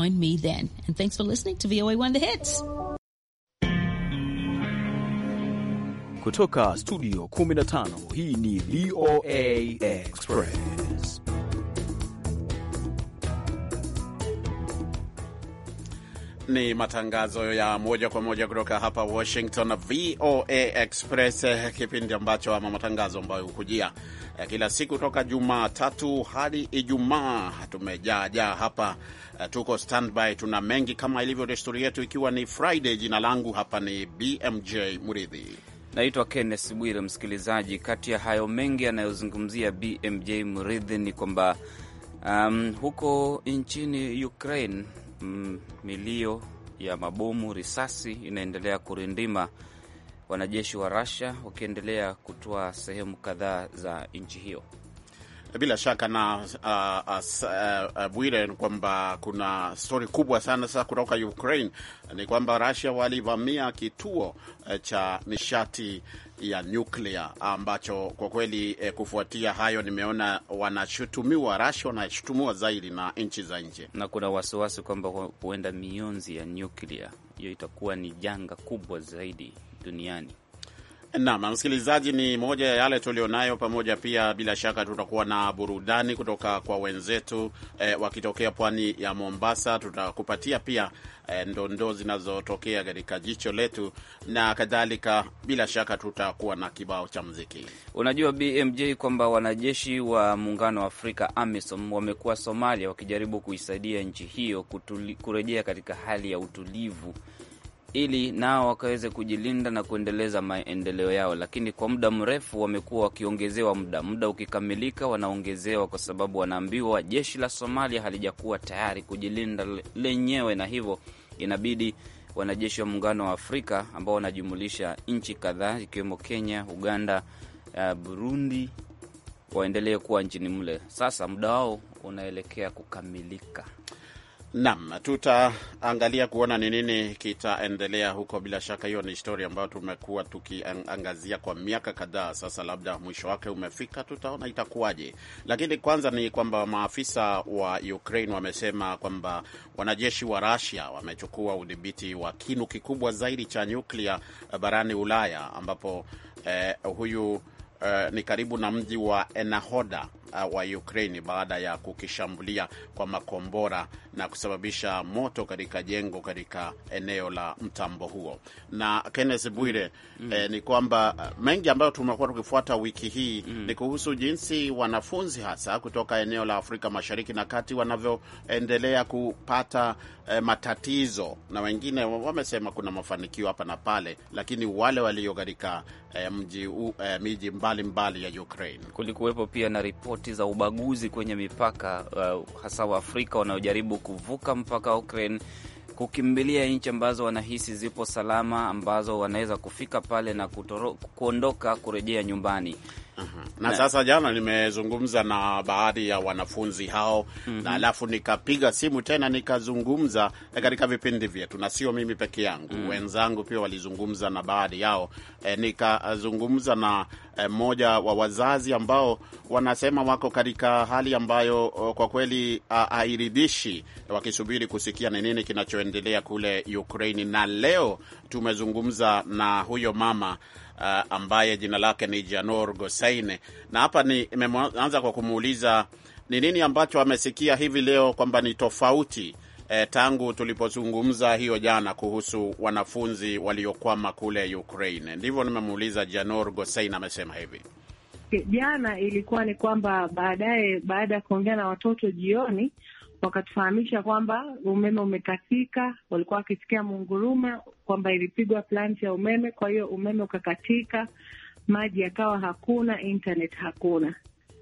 Join me then. And thanks for listening to VOA One The Hits. Kutoka studio 15 hii ni VOA Express. ni matangazo ya moja kwa moja kutoka hapa Washington, VOA Express, kipindi ambacho ama matangazo ambayo hukujia eh, kila siku toka Jumatatu hadi Ijumaa. Tumejaajaa hapa, eh, tuko standby, tuna mengi kama ilivyo desturi yetu, ikiwa ni Friday. Jina langu hapa ni BMJ Muridhi. Naitwa Kenneth Bwire. Msikilizaji, kati ya hayo mengi yanayozungumzia BMJ Muridhi ni kwamba um, huko nchini Ukraine mm, milio ya mabomu, risasi inaendelea kurindima, wanajeshi wa Russia wakiendelea kutoa sehemu kadhaa za nchi hiyo. Bila shaka na uh, uh, uh, uh, Bwire, ni kwamba kuna stori kubwa sana sasa kutoka Ukraine ni kwamba Russia walivamia kituo uh, cha nishati ya nyuklia ambacho kwa kweli eh, kufuatia hayo nimeona wanashutumiwa, Russia wanashutumiwa zaidi na nchi za nje, na kuna wasiwasi kwamba huenda mionzi ya nyuklia hiyo itakuwa ni janga kubwa zaidi duniani Naam, msikilizaji, ni moja ya yale tulionayo pamoja. Pia bila shaka tutakuwa na burudani kutoka kwa wenzetu eh, wakitokea pwani ya Mombasa. Tutakupatia pia eh, ndondoo zinazotokea katika jicho letu na kadhalika. Bila shaka tutakuwa na kibao cha mziki. Unajua BMJ kwamba wanajeshi wa muungano wa Afrika AMISOM wamekuwa Somalia wakijaribu kuisaidia nchi hiyo kutuli, kurejea katika hali ya utulivu ili nao wakaweze kujilinda na kuendeleza maendeleo yao, lakini kwa muda mrefu wamekuwa wakiongezewa muda. Muda ukikamilika, wanaongezewa kwa sababu wanaambiwa jeshi la Somalia halijakuwa tayari kujilinda lenyewe, na hivyo inabidi wanajeshi wa Muungano wa Afrika ambao wanajumulisha nchi kadhaa ikiwemo Kenya, Uganda, uh, Burundi waendelee kuwa nchini mle. Sasa muda wao unaelekea kukamilika. Naam, tutaangalia kuona ni nini kitaendelea huko. Bila shaka, hiyo ni historia ambayo tumekuwa tukiangazia kwa miaka kadhaa sasa, labda mwisho wake umefika, tutaona itakuwaje. Lakini kwanza ni kwamba maafisa wa Ukraine wamesema kwamba wanajeshi wa Russia wamechukua udhibiti wa kinu kikubwa zaidi cha nyuklia barani Ulaya ambapo eh, huyu uh, ni karibu na mji wa Enahoda eh, wa Ukraini baada ya kukishambulia kwa makombora na kusababisha moto katika jengo katika eneo la mtambo huo. Na Kenneth Bwire, mm. eh, ni kwamba eh, mengi ambayo tumekuwa tukifuata wiki hii mm. ni kuhusu jinsi wanafunzi hasa kutoka eneo la Afrika Mashariki na Kati wanavyoendelea kupata eh, matatizo, na wengine wamesema kuna mafanikio hapa na pale, lakini wale walio katika Eh, mji, eh, miji mbalimbali ya Ukraine. Kulikuwepo pia na ripoti za ubaguzi kwenye mipaka uh, hasa Waafrika wanaojaribu kuvuka mpaka wa Ukraine kukimbilia nchi ambazo wanahisi zipo salama, ambazo wanaweza kufika pale na kutoro, kuondoka kurejea nyumbani na, na sasa jana nimezungumza na baadhi ya wanafunzi hao mm -hmm. na mhm. alafu nikapiga simu tena nikazungumza eh, katika vipindi vyetu, na sio mimi peke yangu mm -hmm. wenzangu pia walizungumza na baadhi yao e, nikazungumza na eh, mmoja wa wazazi ambao wanasema wako katika hali ambayo kwa kweli hairidhishi, wakisubiri kusikia ni nini kinachoendelea kule Ukraini. Na leo tumezungumza na huyo mama uh, ambaye jina lake ni Janor Gosaine, na hapa nimeanza kwa kumuuliza ni nini ambacho amesikia hivi leo kwamba ni tofauti eh, tangu tulipozungumza hiyo jana kuhusu wanafunzi waliokwama kule Ukraine. Ndivyo nimemuuliza Janor Gosaine, amesema hivi jana ilikuwa ni kwamba baadaye, baada ya kuongea na watoto jioni wakatufahamisha kwamba umeme umekatika. Walikuwa wakisikia munguruma kwamba ilipigwa plant ya umeme, kwa hiyo umeme ukakatika, maji yakawa hakuna, internet hakuna.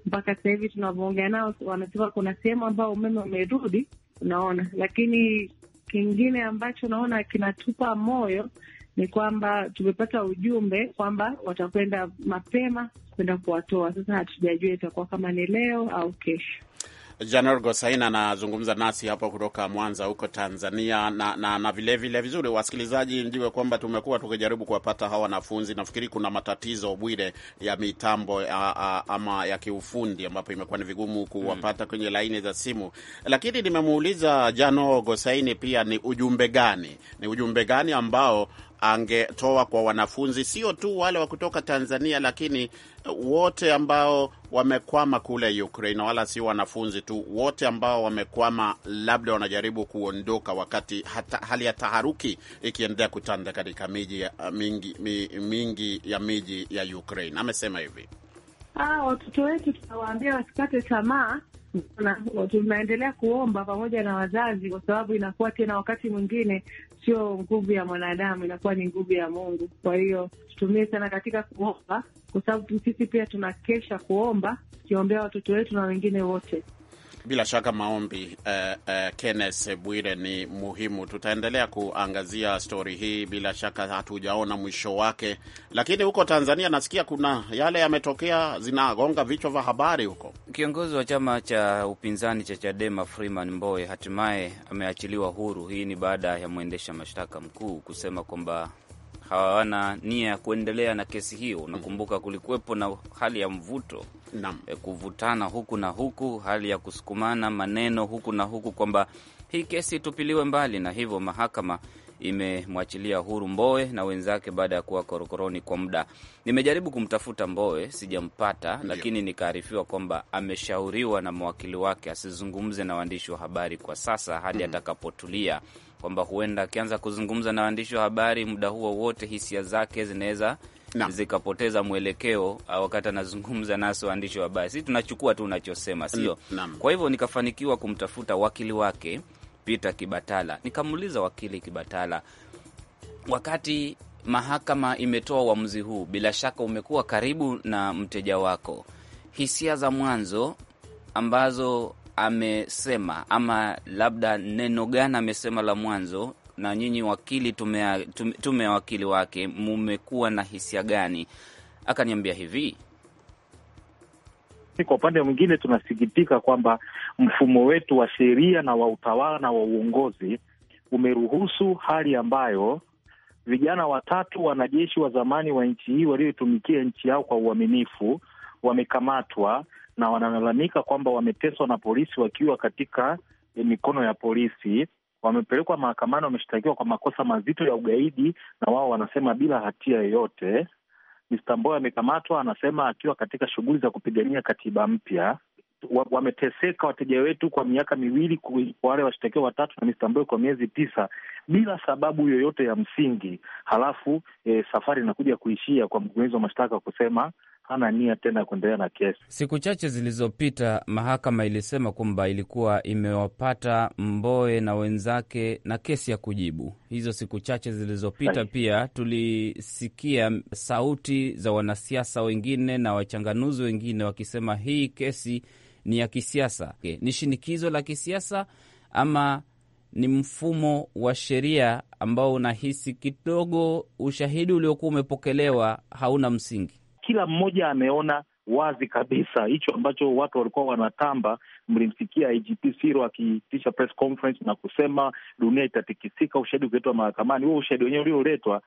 Mpaka sasa hivi tunavyoongea nao, wanasema kuna sehemu ambayo umeme umerudi, unaona. Lakini kingine ambacho naona kinatupa moyo ni kwamba tumepata ujumbe kwamba watakwenda mapema kwenda kuwatoa. Sasa hatujajua itakuwa kama ni leo au kesho. Janor Gosaina anazungumza nasi hapo kutoka Mwanza huko Tanzania, na, na, na vile vile vizuri, wasikilizaji mjue kwamba tumekuwa tukijaribu kuwapata hawa wanafunzi. Nafikiri kuna matatizo Bwire ya mitambo a, a, ama ya kiufundi ambapo imekuwa ni vigumu kuwapata hmm. kwenye laini za simu, lakini nimemuuliza Jano Gosaini pia ni ujumbe gani, ni ujumbe gani ambao angetoa kwa wanafunzi, sio tu wale wa kutoka Tanzania, lakini wote ambao wamekwama kule Ukraine, wala sio wanafunzi tu, wote ambao wamekwama, labda wanajaribu kuondoka, wakati hata, hali ya taharuki ikiendelea kutanda katika miji mingi, mingi ya miji ya Ukraine. Amesema hivi, ah, watoto wetu tunawaambia wasikate tamaa tunaendelea kuomba pamoja na wazazi, kwa sababu inakuwa tena wakati mwingine sio nguvu ya mwanadamu, inakuwa ni nguvu ya Mungu. Kwa hiyo tutumie sana katika kuomba, kwa sababu sisi pia tunakesha kuomba, tukiombea watoto wetu na wengine wote bila shaka maombi eh, eh, Kenneth Bwire ni muhimu. Tutaendelea kuangazia stori hii, bila shaka hatujaona mwisho wake, lakini huko Tanzania nasikia kuna yale yametokea, zinagonga vichwa vya habari huko. Kiongozi wa chama cha upinzani cha Chadema Freeman Mbowe hatimaye ameachiliwa huru. Hii ni baada ya mwendesha mashtaka mkuu kusema kwamba hawana nia ya kuendelea na kesi hiyo. Unakumbuka kulikuwepo na hali ya mvuto e, kuvutana huku na huku, hali ya kusukumana maneno huku na huku kwamba hii kesi itupiliwe mbali, na hivyo mahakama imemwachilia huru Mbowe na wenzake baada ya kuwa korokoroni kwa muda. Nimejaribu kumtafuta Mbowe sijampata, Lakini nikaarifiwa kwamba ameshauriwa na mwakili wake asizungumze na waandishi wa habari kwa sasa hadi mm -hmm. atakapotulia kwamba huenda akianza kuzungumza na waandishi wa habari muda huo wote, hisia zake zinaweza zikapoteza mwelekeo ah, wakati anazungumza nasi waandishi wa habari. Sisi tunachukua tu unachosema, sio? Mm, Kwa hivyo nikafanikiwa kumtafuta wakili wake Peter Kibatala, nikamuuliza wakili Kibatala, wakati mahakama imetoa uamuzi huu, bila shaka umekuwa karibu na mteja wako, hisia za mwanzo ambazo amesema ama labda neno gani amesema la mwanzo, na nyinyi wakili, tume, ya wakili wake mumekuwa na hisia gani? Akaniambia hivi kwa upande mwingine tunasikitika kwamba mfumo wetu wa sheria na wa utawala na wa uongozi umeruhusu hali ambayo vijana watatu wanajeshi wa zamani wa nchi hii walioitumikia nchi yao kwa uaminifu wamekamatwa na wanalalamika kwamba wameteswa na polisi wakiwa katika eh, mikono ya polisi. Wamepelekwa mahakamani, wameshtakiwa kwa makosa mazito ya ugaidi, na wao wanasema bila hatia yoyote. Mr. amekamatwa, anasema akiwa katika shughuli za kupigania katiba mpya. Wameteseka wateja wetu kwa miaka miwili, kwa wale washtakiwa watatu na Mr. kwa miezi tisa bila sababu yoyote ya msingi. Halafu e, safari inakuja kuishia kwa mkurugenzi wa mashtaka kusema hana nia tena kuendelea na kesi. Siku chache zilizopita, mahakama ilisema kwamba ilikuwa imewapata Mboe na wenzake na kesi ya kujibu. Hizo siku chache zilizopita pia tulisikia sauti za wanasiasa wengine na wachanganuzi wengine wakisema hii kesi ni ya kisiasa. Ni shinikizo la kisiasa ama ni mfumo wa sheria ambao unahisi kidogo ushahidi uliokuwa umepokelewa hauna msingi? kila mmoja ameona wazi kabisa hicho ambacho watu walikuwa wanatamba. Mlimsikia IGP Siro akiitisha press conference na kusema dunia itatikisika, ushahidi ukiletwa mahakamani. Huo ushahidi wenyewe ulioletwa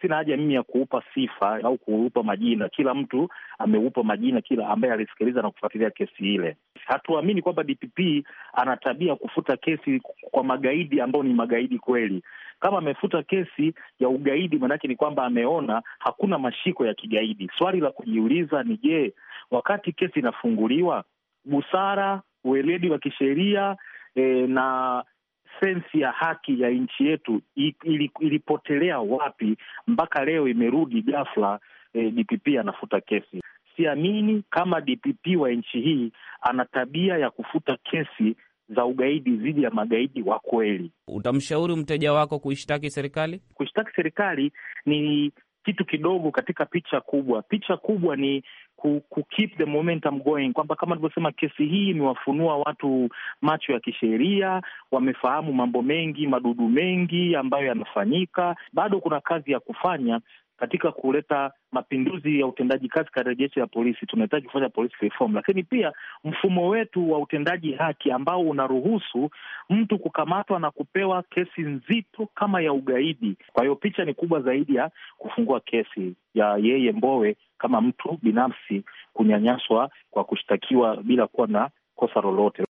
Sina haja mimi ya kuupa sifa au kuupa majina. Kila mtu ameupa majina, kila ambaye alisikiliza na kufuatilia kesi ile. Hatuamini kwamba DPP ana tabia kufuta kesi kwa magaidi ambao ni magaidi kweli. Kama amefuta kesi ya ugaidi, maanake ni kwamba ameona hakuna mashiko ya kigaidi. Swali la kujiuliza ni je, wakati kesi inafunguliwa, busara, ueledi wa kisheria e, na sensi ya haki ya nchi yetu ilipotelea wapi mpaka leo imerudi ghafla? E, eh, DPP anafuta kesi. Siamini kama DPP wa nchi hii ana tabia ya kufuta kesi za ugaidi dhidi ya magaidi wa kweli. Utamshauri mteja wako kuishtaki serikali? Kuishtaki serikali ni kitu kidogo katika picha kubwa. Picha kubwa ni ku, ku keep the momentum going, kwamba kama alivyosema, kesi hii imewafunua watu macho ya kisheria, wamefahamu mambo mengi, madudu mengi ambayo yanafanyika. Bado kuna kazi ya kufanya, katika kuleta mapinduzi ya utendaji kazi katika jeshi la polisi. Tunahitaji kufanya polisi reform, lakini pia mfumo wetu wa utendaji haki ambao unaruhusu mtu kukamatwa na kupewa kesi nzito kama ya ugaidi. Kwa hiyo picha ni kubwa zaidi ya kufungua kesi ya yeye Mbowe kama mtu binafsi kunyanyaswa kwa kushtakiwa bila kuwa na kosa lolote.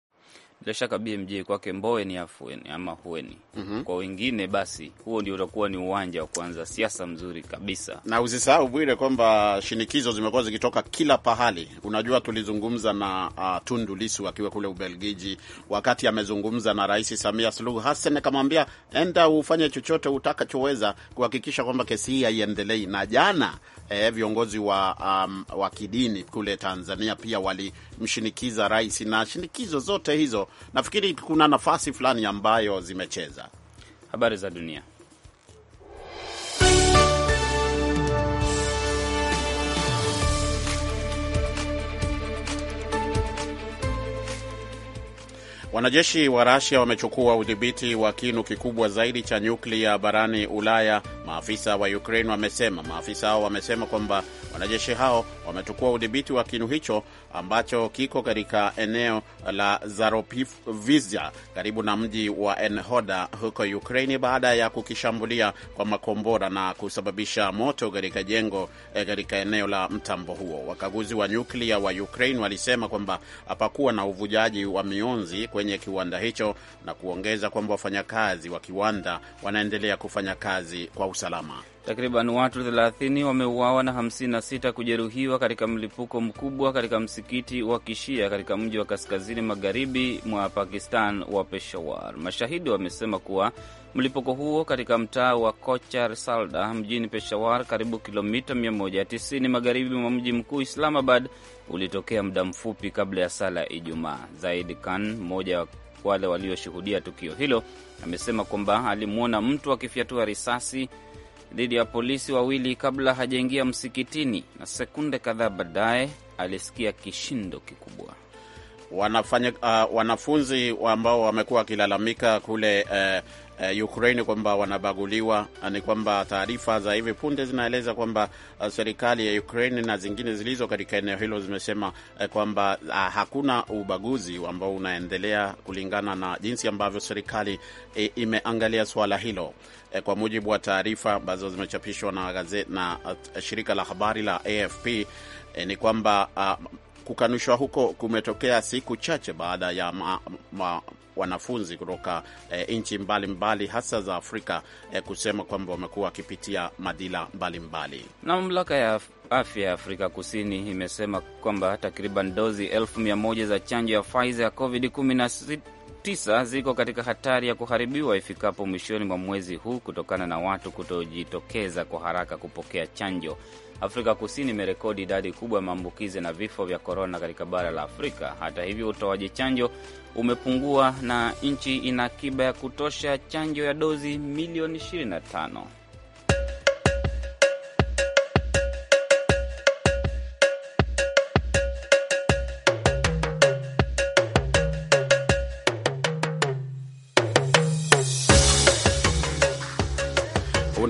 Bila shaka BMJ kwake Mbowe ni afueni ama hueni mm -hmm. Kwa wengine basi huo ndio utakuwa ni uwanja wa kuanza siasa mzuri kabisa, na usisahau Bwire kwamba shinikizo zimekuwa zikitoka kila pahali. Unajua, tulizungumza na uh, Tundu Lisu akiwa kule Ubelgiji, wakati amezungumza na Rais Samia Suluhu Hassan akamwambia, enda ufanye chochote utakachoweza kuhakikisha kwamba kesi hii haiendelei. Na jana eh, viongozi wa, um, wa kidini kule Tanzania pia wali kumshinikiza rais na shinikizo zote hizo, nafikiri kuna nafasi fulani ambayo zimecheza. Habari za dunia. Wanajeshi wa Rasia wamechukua udhibiti wa kinu kikubwa zaidi cha nyuklia barani Ulaya, maafisa wa Ukraine wamesema. Maafisa hao wamesema kwamba Wanajeshi hao wametukua udhibiti wa kinu hicho ambacho kiko katika eneo la Zaropivizia karibu na mji wa Enhoda huko Ukraini baada ya kukishambulia kwa makombora na kusababisha moto katika jengo eh, katika eneo la mtambo huo. Wakaguzi wa nyuklia wa ukrain walisema kwamba hapakuwa na uvujaji wa mionzi kwenye kiwanda hicho na kuongeza kwamba wafanyakazi wa kiwanda wanaendelea kufanya kazi kwa usalama. Takriban watu 30 wameuawa na 56 kujeruhiwa katika mlipuko mkubwa katika msikiti wa Kishia katika mji wa kaskazini magharibi mwa Pakistan wa Peshawar. Mashahidi wamesema kuwa mlipuko huo katika mtaa wa Kochar Salda mjini Peshawar, karibu kilomita 190 magharibi mwa mji mkuu Islamabad, ulitokea muda mfupi kabla ya sala ya Ijumaa. Zaid Khan, mmoja wa wale walioshuhudia tukio hilo, amesema kwamba alimwona mtu akifyatua risasi dhidi ya polisi wawili kabla hajaingia msikitini, na sekunde kadhaa baadaye alisikia kishindo kikubwa. Wanafanya, uh, wanafunzi ambao wamekuwa wakilalamika kule uh, uh, Ukraine kwamba wanabaguliwa. Eh, ni kwamba taarifa za hivi punde zinaeleza kwamba uh, serikali ya Ukraine na zingine zilizo katika eneo hilo zimesema uh, kwamba uh, hakuna ubaguzi ambao unaendelea kulingana na jinsi ambavyo serikali imeangalia suala hilo uh, kwa mujibu wa taarifa ambazo zimechapishwa na, gazeti, na uh, shirika la habari la AFP uh, ni kwamba uh, kukanushwa huko kumetokea siku chache baada ya ma, ma, wanafunzi kutoka e, nchi mbalimbali hasa za Afrika e, kusema kwamba wamekuwa wakipitia madhila mbalimbali. na Mamlaka ya afya ya Afrika Kusini imesema kwamba takriban dozi elfu mia moja za chanjo ya Pfizer ya COVID-19 tisa ziko katika hatari ya kuharibiwa ifikapo mwishoni mwa mwezi huu kutokana na watu kutojitokeza kwa haraka kupokea chanjo. Afrika Kusini imerekodi idadi kubwa ya maambukizi na vifo vya korona katika bara la Afrika. Hata hivyo, utoaji chanjo umepungua na nchi ina akiba ya kutosha chanjo ya dozi milioni 25.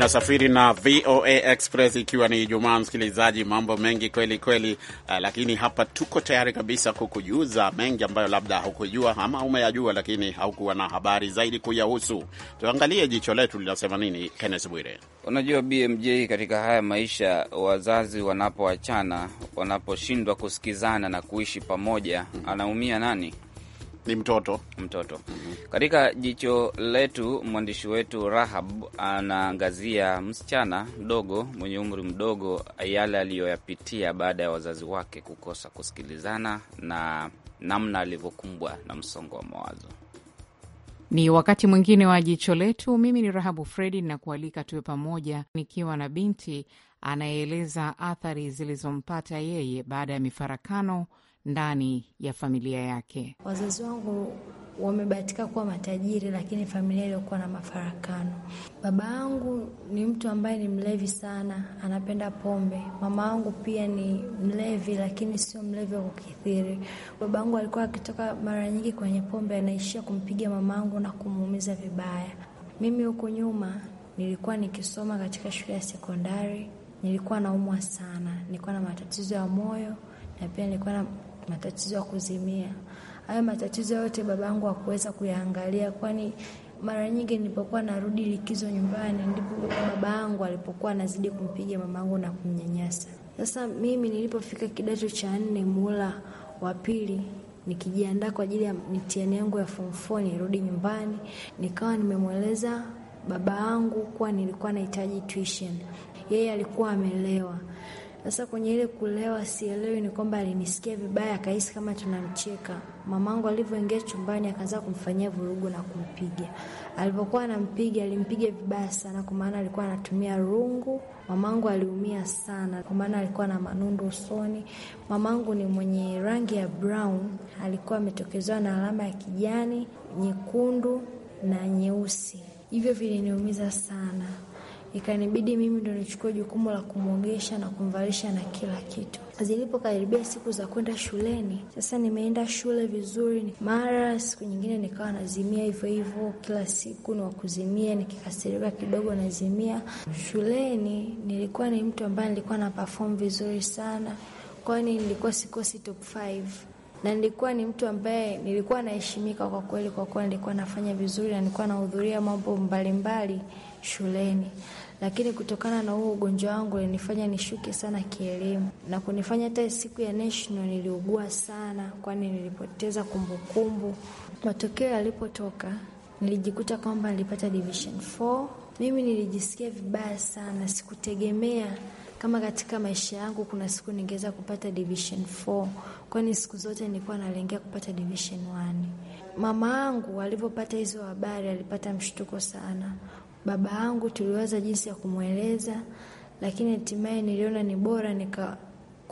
Unasafiri na VOA Express ikiwa ni Ijumaa, msikilizaji, mambo mengi kweli kweli, uh, lakini hapa tuko tayari kabisa kukujuza mengi ambayo labda haukujua ama umeyajua, lakini haukuwa na habari zaidi kuyahusu. Tuangalie jicho letu linasema nini, Kenneth Bwire. Unajua BMJ, katika haya maisha, wazazi wanapoachana, wanaposhindwa kusikizana na kuishi pamoja, hmm. anaumia nani? ni mtoto mtoto. mm -hmm. Katika jicho letu, mwandishi wetu Rahab anaangazia msichana mdogo mwenye umri mdogo, yale aliyoyapitia baada ya wazazi wake kukosa kusikilizana na namna alivyokumbwa na msongo wa mawazo. Ni wakati mwingine wa jicho letu. Mimi ni Rahabu Fredi ninakualika tuwe pamoja, nikiwa na binti anayeeleza athari zilizompata yeye baada ya mifarakano ndani ya familia yake. Wazazi wangu wamebahatika kuwa matajiri, lakini familia iliyokuwa na mafarakano. Baba yangu ni mtu ambaye ni mlevi sana, anapenda pombe. Mama yangu pia ni mlevi, lakini sio mlevi wa kukithiri. Baba yangu alikuwa akitoka mara nyingi kwenye pombe, anaishia kumpiga mama yangu na kumuumiza vibaya. Mimi huko nyuma nilikuwa nikisoma katika shule ya sekondari, nilikuwa naumwa sana, nilikuwa na matatizo ya moyo na pia nilikuwa na matatizo ya kuzimia. Hayo matatizo yote babangu hakuweza kuyaangalia, kwani mara nyingi nilipokuwa narudi likizo nyumbani ndipo babangu alipokuwa anazidi kumpiga mamangu na kumnyanyasa. Sasa mimi nilipofika kidato cha nne muhula wa pili nikijiandaa kwa ajili ya mitihani yangu ya form four nirudi nyumbani, nikawa nimemweleza baba yangu kuwa nilikuwa nahitaji tuition. Yeye alikuwa amelewa. Sasa kwenye ile kulewa, sielewi ni kwamba alinisikia vibaya, akahisi kama tunamcheka. Mamangu alivyoingia chumbani, akaanza kumfanyia vurugu na kumpiga. Alipokuwa anampiga, alimpiga vibaya sana, kwa maana alikuwa anatumia rungu. Mamangu aliumia sana, kwa maana alikuwa na manundu usoni. Mamangu ni mwenye rangi ya brown, alikuwa ametokezewa na alama ya kijani, nyekundu na nyeusi. Hivyo viliniumiza sana ikanibidi mimi ndo nichukue jukumu la kumwogesha na kumvalisha na kila kitu. Zilipokaribia siku za kwenda shuleni, sasa nimeenda shule vizuri, mara siku nyingine nikawa nazimia hivyo hivyo, kila siku ni wakuzimia, nikikasirika kidogo nazimia. Shuleni nilikuwa ni mtu ambaye nilikuwa na perform vizuri sana, kwani nilikuwa sikosi top 5 na nilikuwa ni mtu ambaye nilikuwa naheshimika kwa kweli, kwa kuwa nilikuwa nafanya vizuri na nilikuwa nahudhuria mambo mbalimbali shuleni, lakini kutokana na huo ugonjwa wangu ulinifanya nishuke sana kielimu na kunifanya hata siku ya national niliugua sana, kwani nilipoteza kumbukumbu. Matokeo yalipotoka nilijikuta kwamba nilipata division 4. Mimi nilijisikia vibaya sana, sikutegemea kama katika maisha yangu kuna siku ningeweza kupata division 4, kwani siku zote nilikuwa nalengea kupata division 1. Mama yangu alipopata hizo habari alipata mshtuko sana. Baba yangu tuliwaza jinsi ya kumweleza, lakini hatimaye niliona ni bora nika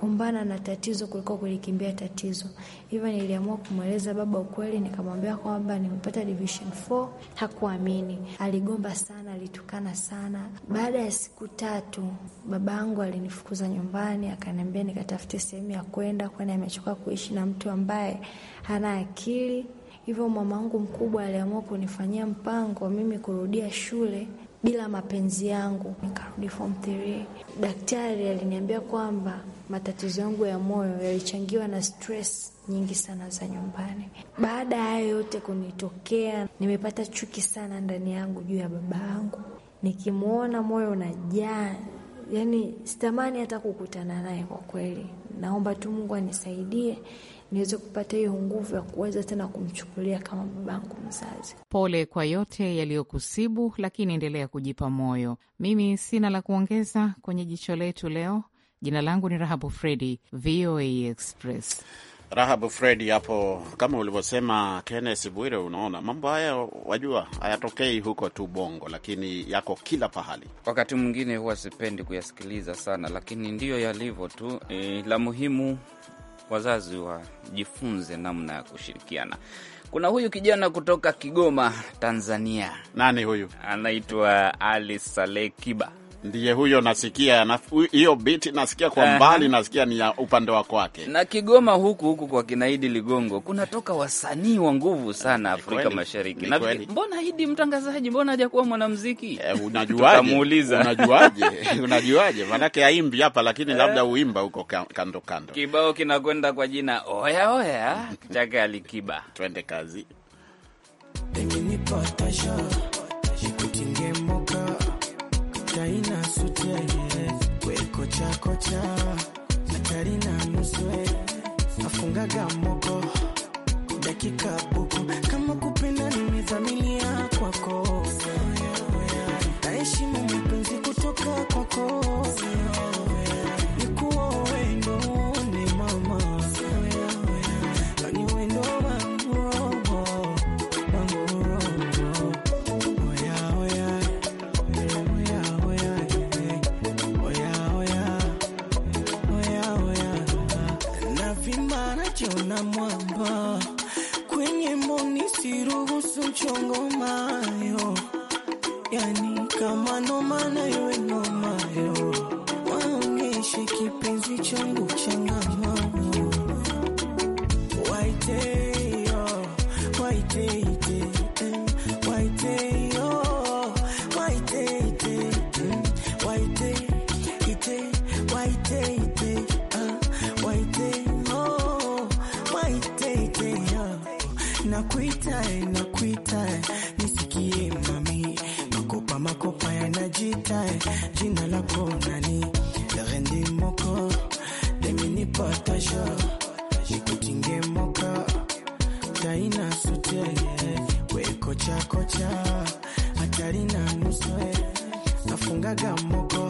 kukumbana na tatizo kuliko kulikimbia tatizo. Hivyo niliamua kumweleza baba ukweli, nikamwambia kwamba nimepata division 4. Hakuamini, aligomba sana, alitukana sana. Baada ya siku tatu, baba yangu alinifukuza nyumbani, akaniambia nikatafute sehemu ya kwenda, kwani amechoka kuishi na mtu ambaye hana akili. Hivyo mamangu mkubwa aliamua kunifanyia mpango mimi kurudia shule bila mapenzi yangu. Nikarudi form 3, daktari aliniambia kwamba matatizo yangu ya moyo yalichangiwa na stress nyingi sana za nyumbani. Baada ya hayo yote kunitokea, nimepata chuki sana ndani yangu juu ya baba yangu. Nikimwona moyo unajaa, yani sitamani hata kukutana naye kwa kweli. Naomba tu Mungu anisaidie niweze kupata hiyo nguvu ya kuweza tena kumchukulia kama babangu mzazi. Pole kwa yote yaliyokusibu, lakini endelea kujipa moyo. Mimi sina la kuongeza kwenye jicho letu leo. Jina langu ni Rahabu Fredi, VOA Express. Rahabu Fredi hapo, kama ulivyosema Kennes Bwire. Unaona, mambo haya wajua hayatokei huko tu Bongo, lakini yako kila pahali. Wakati mwingine huwa sipendi kuyasikiliza sana, lakini ndiyo yalivyo tu. E, la muhimu wazazi wajifunze namna ya kushirikiana. Kuna huyu kijana kutoka Kigoma, Tanzania. Nani huyu? Anaitwa Ali Saleh Kiba. Ndiye huyo nasikia hiyo biti nasikia kwa mbali nasikia ni ya upande wako wake. Na Kigoma huku huku kwa kinaidi Ligongo kunatoka wasanii wa nguvu sana Afrika Nikweli. Mashariki. Na mbona Idi mtangazaji, mbona kuwa mwanamuziki? Eh, unajuaje? unajuaje? unajuaje? Manake haimbi hapa lakini eh. labda uimba huko kando kando. Kibao kinakwenda kwa jina Oya Oya chake Alikiba. Twende kazi. Chaina sute kweko chakocha atari na muswe afungaga moko dakika buku kama kupenda nimezamilia kwako nakuita nakuita nisikie mami, makopa makopa yanajita jina lako nani? Rendi moko demini pataja nikutinge moka taina sute weko chakocha hatari na nuswe nafungaga moko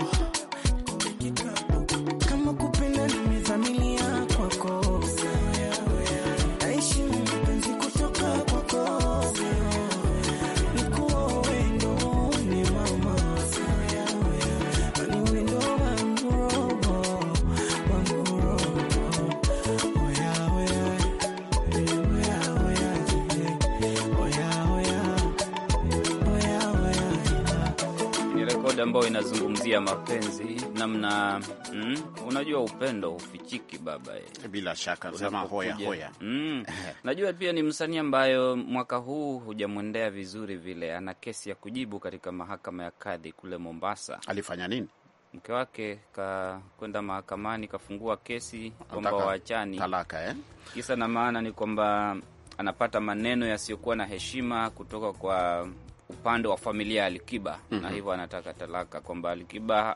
ya mapenzi namna mm, unajua upendo hufichiki baba e. Bila shaka sema hoya hoya. Mm, najua pia ni msanii ambayo mwaka huu hujamwendea vizuri vile, ana kesi ya kujibu katika mahakama ya kadhi kule Mombasa. Alifanya nini? Mke wake kakwenda mahakamani kafungua kesi kwamba waachani talaka, eh? Kisa na maana ni kwamba anapata maneno yasiyokuwa na heshima kutoka kwa upande wa familia ya Alikiba mm -hmm. na mhm. hivyo anataka talaka kwamba Alikiba,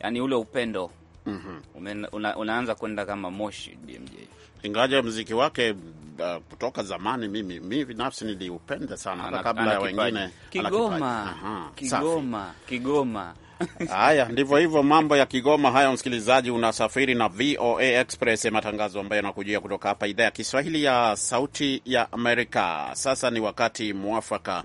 yani ule upendo mm -hmm. una, unaanza kwenda kama moshi BMJ ingaja mziki wake uh, kutoka zamani, mimi mi binafsi niliupenda sana hata kabla ya wengine. Kigoma, Kigoma, Kigoma. Haya, ndivyo hivyo mambo ya Kigoma. Haya, msikilizaji, unasafiri na VOA Express, matangazo ambayo yanakujia kutoka hapa idhaa ya Kiswahili ya Sauti ya Amerika. Sasa ni wakati mwafaka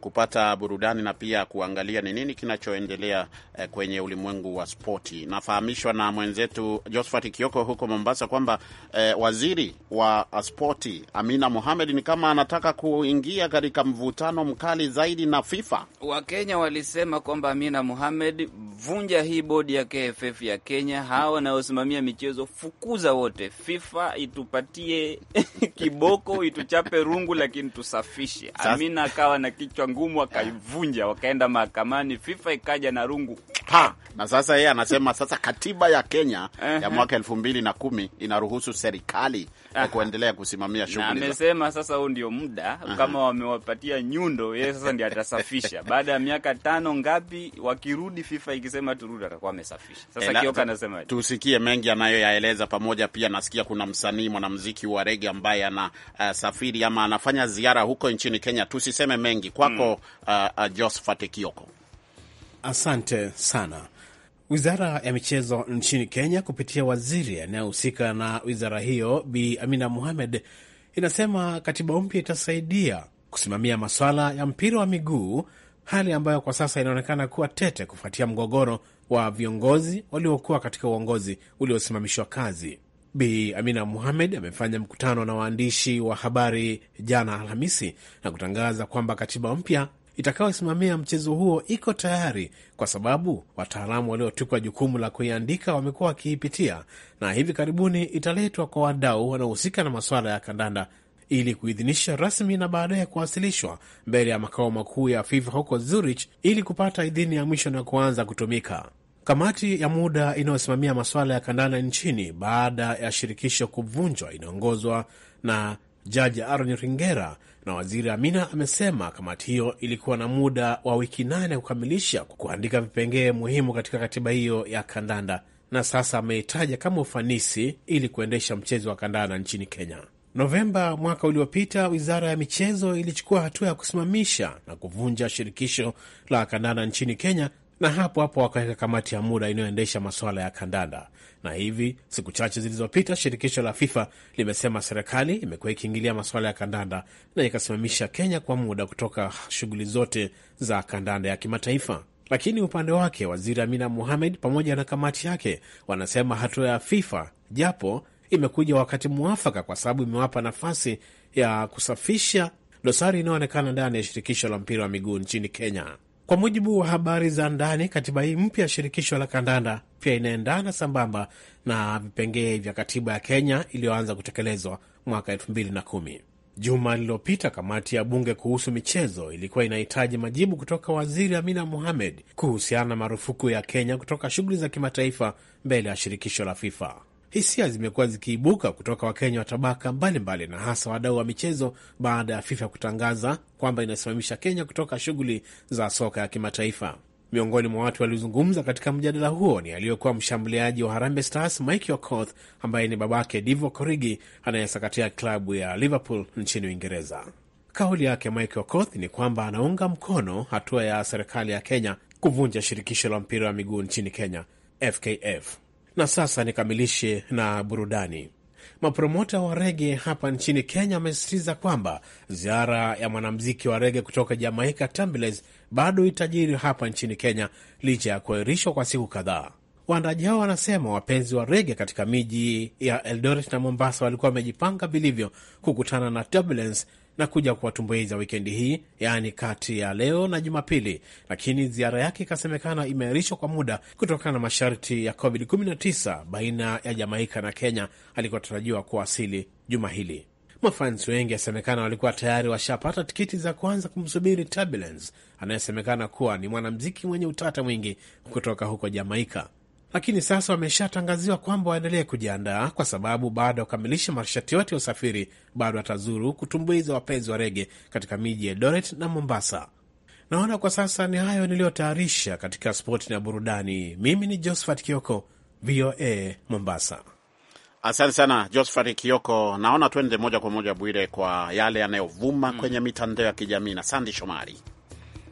kupata burudani na pia kuangalia ni nini kinachoendelea eh, kwenye ulimwengu wa spoti. Nafahamishwa na mwenzetu Josphat Kioko huko Mombasa kwamba eh, waziri wa spoti Amina Mohamed ni kama anataka kuingia katika mvutano mkali zaidi na FIFA. Wakenya walisema kwamba Amina Mohamed, vunja hii bodi ya KFF ya Kenya, hawa wanaosimamia michezo fukuza wote, FIFA itupatie kiboko, ituchape rungu, lakini tusafishe. Amina akawa na kichwa ngumu, wakaivunja, wakaenda mahakamani, FIFA ikaja na rungu Ha, na sasa yeye anasema sasa katiba ya Kenya uh -huh. ya mwaka elfu mbili na kumi inaruhusu serikali uh -huh. kuendelea kusimamia shughuli. Amesema sasa huu ndio muda uh -huh. kama wamewapatia nyundo, yeye sasa ndio atasafisha baada ya miaka tano ngapi, wakirudi FIFA ikisema turudi, atakuwa amesafisha. Sasa eh, Kioka anasema tusikie mengi anayoyaeleza, pamoja pia nasikia kuna msanii mwanamuziki wa rege ambaye anasafiri eh, uh, ama anafanya ziara huko nchini Kenya. Tusiseme mengi kwako, hapo uh, uh, Josephat Kioko. Asante sana. Wizara ya michezo nchini Kenya kupitia waziri anayehusika na wizara hiyo Bi Amina Mohamed inasema katiba mpya itasaidia kusimamia masuala ya mpira wa miguu, hali ambayo kwa sasa inaonekana kuwa tete kufuatia mgogoro wa viongozi waliokuwa katika uongozi uliosimamishwa kazi. Bi Amina Mohamed amefanya mkutano na waandishi wa habari jana Alhamisi na kutangaza kwamba katiba mpya itakayosimamia mchezo huo iko tayari kwa sababu wataalamu waliotukwa jukumu la kuiandika wamekuwa wakiipitia na hivi karibuni italetwa kwa wadau wanaohusika na masuala ya kandanda ili kuidhinisha rasmi na baadaye kuwasilishwa mbele ya makao makuu ya FIFA huko Zurich ili kupata idhini ya mwisho na kuanza kutumika. Kamati ya muda inayosimamia masuala ya kandanda nchini baada ya shirikisho kuvunjwa inaongozwa na Jaji Aaron Ringera na Waziri Amina amesema kamati hiyo ilikuwa na muda wa wiki nane kukamilisha kuandika vipengee muhimu katika katiba hiyo ya kandanda, na sasa ameitaja kama ufanisi ili kuendesha mchezo wa kandanda nchini Kenya. Novemba mwaka uliopita, wizara ya michezo ilichukua hatua ya kusimamisha na kuvunja shirikisho la kandanda nchini Kenya na hapo hapo wakaweka kamati ya muda inayoendesha masuala ya kandanda. Na hivi siku chache zilizopita, shirikisho la FIFA limesema serikali imekuwa ikiingilia masuala ya kandanda na ikasimamisha Kenya kwa muda kutoka shughuli zote za kandanda ya kimataifa. Lakini upande wake waziri Amina Mohamed pamoja na kamati yake wanasema hatua ya FIFA japo imekuja wakati mwafaka, kwa sababu imewapa nafasi ya kusafisha dosari inayoonekana ndani ya shirikisho la mpira wa miguu nchini Kenya. Kwa mujibu wa habari za ndani, katiba hii mpya ya shirikisho la kandanda pia inaendana sambamba na vipengee vya katiba ya Kenya iliyoanza kutekelezwa mwaka elfu mbili na kumi. Juma lililopita kamati ya bunge kuhusu michezo ilikuwa inahitaji majibu kutoka waziri Amina Mohamed kuhusiana na marufuku ya Kenya kutoka shughuli za kimataifa mbele ya shirikisho la FIFA. Hisia zimekuwa zikiibuka kutoka Wakenya wa tabaka mbalimbali na hasa wadau wa michezo baada ya FIFA kutangaza kwamba inasimamisha Kenya kutoka shughuli za soka ya kimataifa. Miongoni mwa watu waliozungumza katika mjadala huo ni aliyekuwa mshambuliaji wa Harambee Stars Mike Okoth, ambaye ni babake Divo Korigi anayesakatia klabu ya Liverpool nchini Uingereza. Kauli yake Mike Okoth ni kwamba anaunga mkono hatua ya serikali ya Kenya kuvunja shirikisho la mpira wa miguu nchini Kenya, FKF. Na sasa nikamilishe na burudani. Mapromota wa rege hapa nchini Kenya wamesisitiza kwamba ziara ya mwanamziki wa rege kutoka Jamaika, Tambles, bado itajiri hapa nchini Kenya licha ya kuahirishwa kwa siku kadhaa. Waandaji hao wanasema wapenzi wa rege katika miji ya Eldoret na Mombasa walikuwa wamejipanga vilivyo kukutana na Turbulence na kuja kuwatumbuiza wikendi hii, yaani kati ya leo na Jumapili. Lakini ziara yake ikasemekana imeahirishwa kwa muda kutokana na masharti ya COVID-19 baina ya Jamaika na Kenya alikotarajiwa kuwasili juma hili. Mafans wengi yasemekana walikuwa tayari washapata tikiti za kwanza kumsubiri Turbulence, anayesemekana kuwa ni mwanamziki mwenye utata mwingi kutoka huko Jamaika lakini sasa wameshatangaziwa kwamba waendelee kujiandaa kwa sababu baada ya kukamilisha masharti yote ya usafiri bado atazuru kutumbuiza wapenzi wa rege katika miji ya Eldoret na Mombasa. Naona kwa sasa ni hayo niliyotayarisha katika spoti na burudani. Mimi ni Josephat Kioko, VOA Mombasa. Asante sana Josephat Kioko. Naona tuende moja kwa moja Bwire, kwa yale yanayovuma mm, kwenye mitandao ya kijamii na Sandi Shomari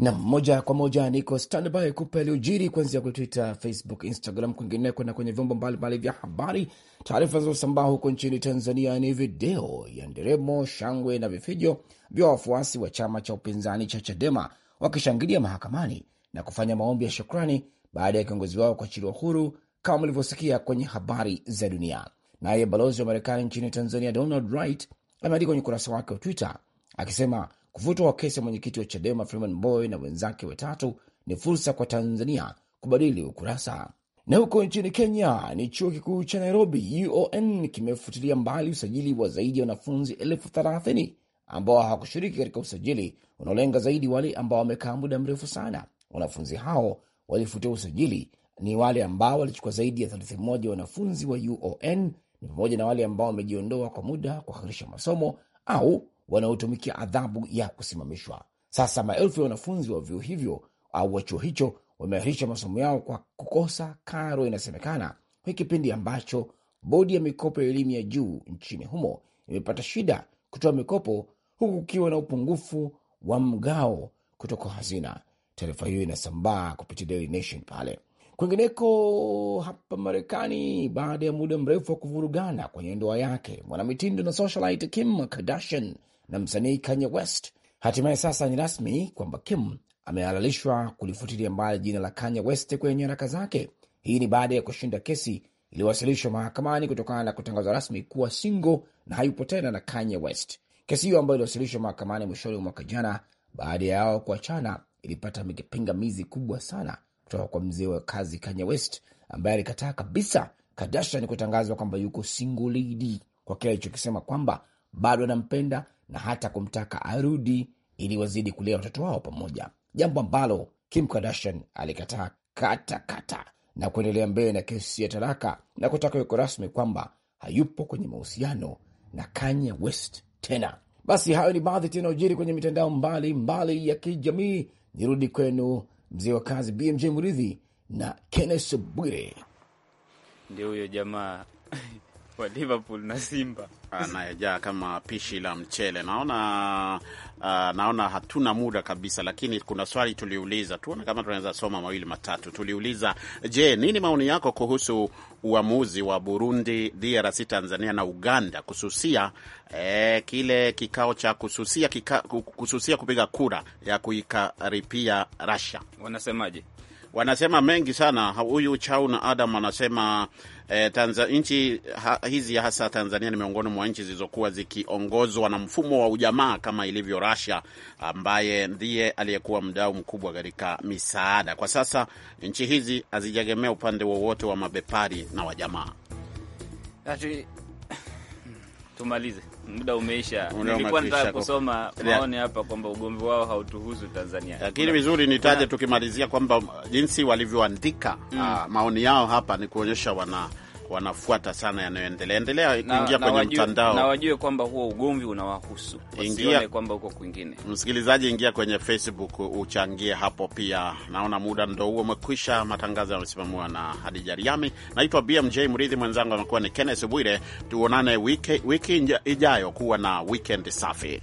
na moja kwa moja niko standby kupa yaliyojiri kuanzia kwenye Twitter, Facebook, Instagram, kwingineko na kwenye vyombo mbalimbali vya habari. Taarifa zinazosambaa huko nchini Tanzania ni video ya nderemo, shangwe na vifijo vya wafuasi wa chama cha upinzani cha Chadema wakishangilia mahakamani na kufanya maombi ya shukrani baada ya kiongozi wao kuachiliwa huru, kama mlivyosikia kwenye habari za dunia. Naye balozi wa Marekani nchini Tanzania Donald Wright ameandika kwenye ukurasa wake wa Twitter akisema Kufutwa kwa kesi ya mwenyekiti wa Chadema Freeman Boy na wenzake watatu ni fursa kwa Tanzania kubadili ukurasa. Na huko nchini Kenya ni chuo kikuu cha Nairobi UoN kimefutilia mbali usajili wa zaidi ya wanafunzi elfu thelathini ambao hawakushiriki katika usajili unaolenga zaidi wale ambao wamekaa muda mrefu sana. Wanafunzi hao walifutia usajili ni wale ambao walichukua zaidi ya theluthi moja wanafunzi wa UoN ni pamoja na wale ambao wamejiondoa kwa muda kuahirisha masomo au wanaotumikia adhabu ya kusimamishwa. Sasa maelfu ya wanafunzi wa vyuo hivyo au wa chuo hicho wameahirisha masomo yao kwa kukosa karo, inasemekana, kwenye kipindi ambacho bodi ya mikopo ya elimu ya juu nchini humo imepata shida kutoa mikopo, huku kukiwa na upungufu wa mgao kutoka hazina. Taarifa hiyo inasambaa kupitia Daily Nation pale. Kwingineko hapa Marekani, baada ya muda mrefu wa kuvurugana kwenye ndoa yake, mwanamitindo na socialite Kim Kardashian na msanii Kanye West. Hatimaye sasa ni rasmi kwamba Kim amehalalishwa kulifutilia mbali jina la Kanye West kwenye nyaraka zake. Hii ni baada ya kushinda kesi iliyowasilishwa mahakamani kutokana na kutangazwa rasmi kuwa single na hayupo tena na Kanye West. Kesi hiyo ambayo iliwasilishwa mahakamani mwishoni mwa mwaka jana baada ya yao kuachana ilipata pingamizi kubwa sana kutoka kwa mzee wa kazi Kanye West ambaye alikataa kabisa Kardashian kutangazwa kwamba yuko single lady kwa kile alichokisema kwamba bado anampenda na hata kumtaka arudi ili wazidi kulea watoto wao pamoja, jambo ambalo Kim Kardashian alikataa katakata na kuendelea mbele na kesi ya talaka na kutaka weko rasmi kwamba hayupo kwenye mahusiano na Kanye West tena. Basi hayo ni baadhi tena ujiri kwenye mitandao mbali mbali ya kijamii. Nirudi kwenu mzee wa kazi BMJ Muridhi na Kenneth Bwire. Ndio huyo jamaa wa Liverpool na Simba ah, anayejaa kama pishi la mchele. Naona uh, naona hatuna muda kabisa, lakini kuna swali tuliuliza, tuone kama tunaweza soma mawili matatu. Tuliuliza, je, nini maoni yako kuhusu uamuzi wa Burundi, DRC, Tanzania na Uganda kususia eh, kile kikao cha kususia, kika, kususia kupiga kura ya kuikaripia Russia? Wanasemaje? wanasema mengi sana. Huyu Chau na Adam anasema eh, nchi ha, hizi hasa Tanzania ni miongoni mwa nchi zilizokuwa zikiongozwa na mfumo wa ujamaa kama ilivyo Russia, ambaye ndiye aliyekuwa mdau mkubwa katika misaada. Kwa sasa nchi hizi hazijegemea upande wowote wa, wa mabepari na wajamaa tumalize, muda umeisha. Nilikuwa nataka kusoma maoni hapa kwamba ugomvi wao hautuhusu Tanzania, lakini vizuri nitaje tukimalizia kwamba jinsi walivyoandika mm, ah, maoni yao hapa ni kuonyesha wana wanafuata sana yanayoendelea endelea kuingia kwenye mtandao na wajue kwamba huo ugomvi unawahusu wasione kwamba uko kwingine. Msikilizaji, ingia kwenye Facebook uchangie hapo pia. Naona muda ndo huo umekwisha. Matangazo yamesimamiwa na Hadija Riami. Naitwa BMJ Mridhi, mwenzangu amekuwa ni Kenneth Bwire. Tuonane wiki, wiki ijayo. Kuwa na wikend safi.